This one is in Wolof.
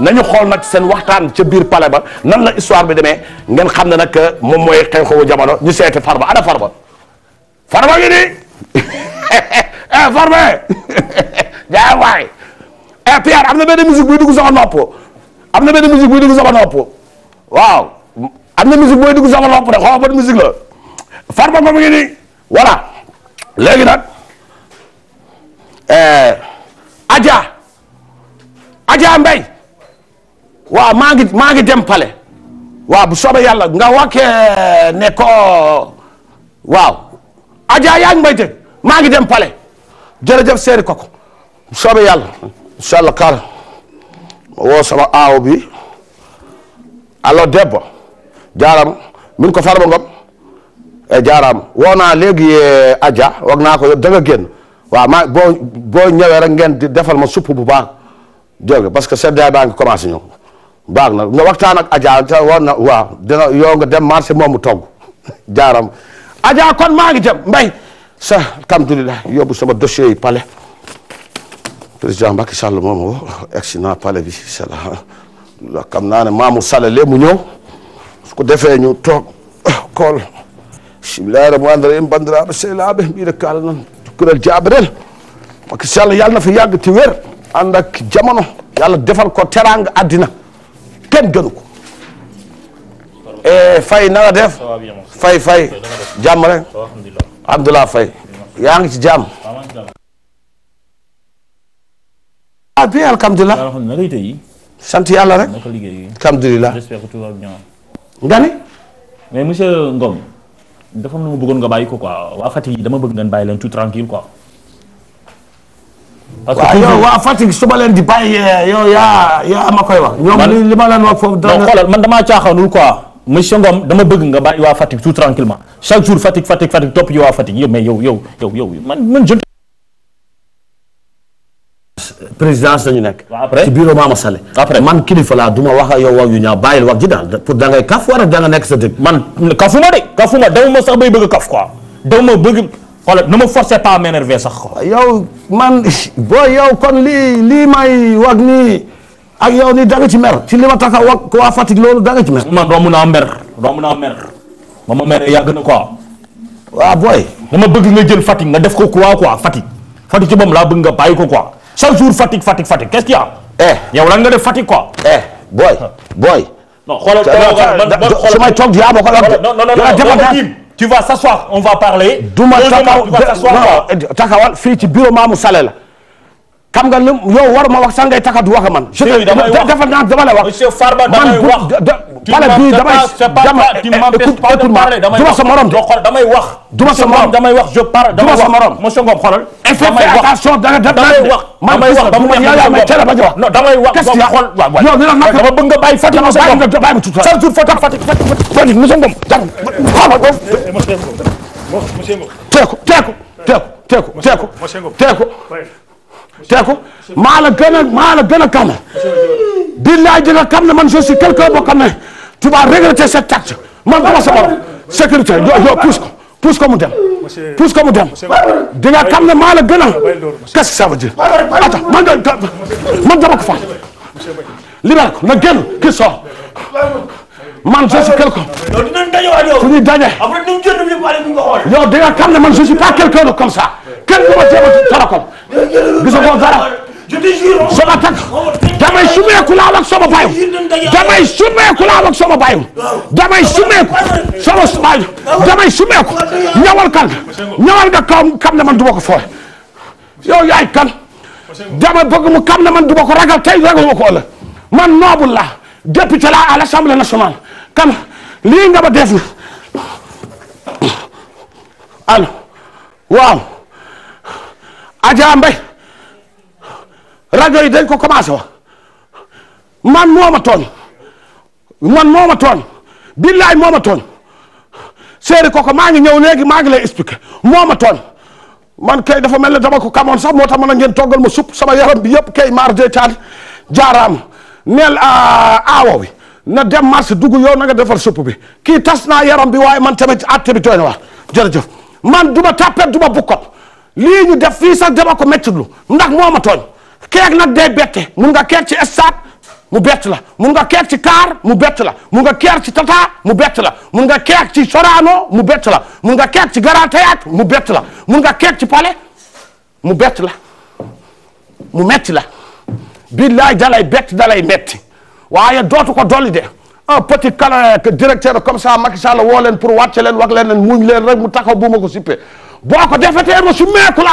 nañu xool nag seen waxtaan ca biir palais ba nan la histoire bi demee ngeen xam ne nag moom mooy xew-xewu jamono ñu seeti farba ana farba farba ngi nii eh farba jaay waay eh Pierre am na benn musique buy dugg sama nopp am na benn musique buy dugg sama nopp waaw am na musique buy dugg sama nopp de xaw ma ban musique la farba moom ngi nii voilà léegi nag eh, Adja Adja Mbaye waaw maa ngi maa ngi dem pale waaw bu soobee yàlla nga wakkee eh, ne ko waaw Adja yaa ngi may dégg maa ngi dem pale jërëjëf seeri koko bu soobee yàlla incha allah kaar woo sama aaw bi allo debbo jaaraama min ko farba ngom e eh, jaaraama woo naa léegi eh, Adja wax naa ko yow danga génn waaw boo boo ñëwee rek ngeen di defal ma supp bu baax dégg parce que seddaay baa ngi commencé ñu baax na nga waxtaan ak Adja ca war na nga dem marché moomu togg jaaram Adja kon maa ngi jëm mbay sa alhamdulilah yóbbu sama dossier yi palais président Macky Sall moom woo egsi naa palais bi sala la xam naa ne maamu Sall le mu ñëw su ko defee ñu toog kool bismillahi rahmani rahim bandiraɓe na fi yàgg ti wér ànd ak jamono yàlla defal ko teraanga àddina kenn gënu ko eh, fay na nga def fay fay jàmm rek Abdoulaye Faye yaa ngi ci jàmm ah bien alhamdulilah sant yàlla rek alhamdulilah nga ni mais monsieur Ngom dafa am lu bëggoon nga bàyyi ko quoi waa Fatick yi dama bëgg ngeen bàyyi leen tout tranquille quoi waaw yow waa Fatick su ma leen di bàyyi eh, yow yaa ma koy wax. ñoom li ma leen wax foofu. dana xoolal man damaa caaxaanul quoi monsieur dama bëgg nga bàyyi waa Fatick tout tranquillement chaque jour Fatick Fatick Fatick topp yi waa Fatick yow mais yow yow yow yow man man jël. présidence dañu man kilifa du ma wax ak yow wax yu ñaaw bàyyil wax ji daal pour da ngay kaf wala da nga nekk sa dëkk. man kafuma de kafuma dama ma sax bay bëgg kaf quoi dama bëgg. xoolal ne me forcez pas à sax. yow man booy yow kon lii lii may wax nii ak yow nii da nga ci mer ci li ma tax a wax waa Fatick loolu da ci mer. man romb naa mer romb naa mer ba ma mer yàgg na quoi. waaw booy. dama bëgg nga jël Fatick nga def ko quoi quoi Fatick Fatick ci moom laa bëgg nga bàyyi ko quoi chaque jour Fatick Fatick Fatick qu'est-ce qu'il y a. eh yow lan nga def Fatick quoi. eh booy. booy. non xoolal su may toog di yaa ma ko. non non tu vas s'asseoir on va parler. duma taxaw taxawal fii ci bureau Mamou Saleh la. xam nga lu yow war ma wax sax ngay taxa du wax man. je te dafa naan dama la wax. monsieur Farba damay wax man wala bii damay dama écoute écoute ma du ma sa morom damay wax. du ma sa morom damay wax je parle damay wax du ma sa morom. monsieur Ngom xoolal. damay wax attention da nga def damay wax damay wax ba mu neex monsieur Ngom teel a bañ a wax. non damay wax qu'est-ce que xool waaw waaw. non non dama bëgg nga bàyyi Fatick monsieur Ngom dama bàyyi ma tuuti chaque jour Fatick Fatick Fatick monsieur Ngom. teeku teeku teeku teeku teeku teeku teeku tee ko maa la gën a maa la gën a calme billaay dina xam ne man je suis quelqu'un boo xam ne tu vas regretter cet acte man dama sa borom sécurité yo pousse ko pousse ko mu dem pousse ko mu dem di nga xam ne maa la gën a qu'est-ce que ça veut dire attends man man dama ko faat libéré ko na génn kii soo man je suis quelqu'un. yow dinañ dajewaat yow. fu ñuy daje. yow da nga ne man je suis pas quelqu'un de ma teewati tarakom. gisagoo dara. je te jure. sama takk oh, damay sumeeku laaw ak sama bayu. damay sumeeku laaw ak sama bayu. damay sumeeku. sama bayu damay sumeeku. ñawal kan kam nga ne man du ma ko fooy. yow yaay kan. dama bëgg mu xam ne man du ma ko ragal tey ragal ma ko man noobul la député la à l'Assemblée nationale. kam lii nga ba def na alo waaw Adja Mbaye rajo yi dañ ko commencé wax man moo ma tooñ man moo ma tooñ billaay moo ma tooñ séeri koko maa ngi ñëw léegi maa ngi lay expliqué ma tooñ man kay dafa mel ne dama ko kamoon sax moo tax mën a ngeen toggal ma sup sama yaram bi yëpp kay maar de taal jaaraam neel ah, aawo wi na dem marché dugg yow na nga defar supp bi kii tas naa yaram bi waaye man tamit àtte bi tooy na wax jërëjëf man du ma tàppet du ma bukkot lii ñu def fii sax dama ko méttitlu ndax moo ma tooñ keek nag day bette mun nga keek ci stade mu bett la mun nga keek ci kaar mu bett la mun nga keek ci tata mu bett la mun nga keek ci Sorano mu bett la mun nga keek ci Grand mu bett la mun nga keek ci Palais mu bett la mu metti la billaay dalay bett dalay metti waaye dootu ko dolli de un petit kala directeur comme ça Macky Sall woo leen pour wàcce leen wax leen ne leen rek mu taxaw bu ma ko sippee boo defetee ma su meeku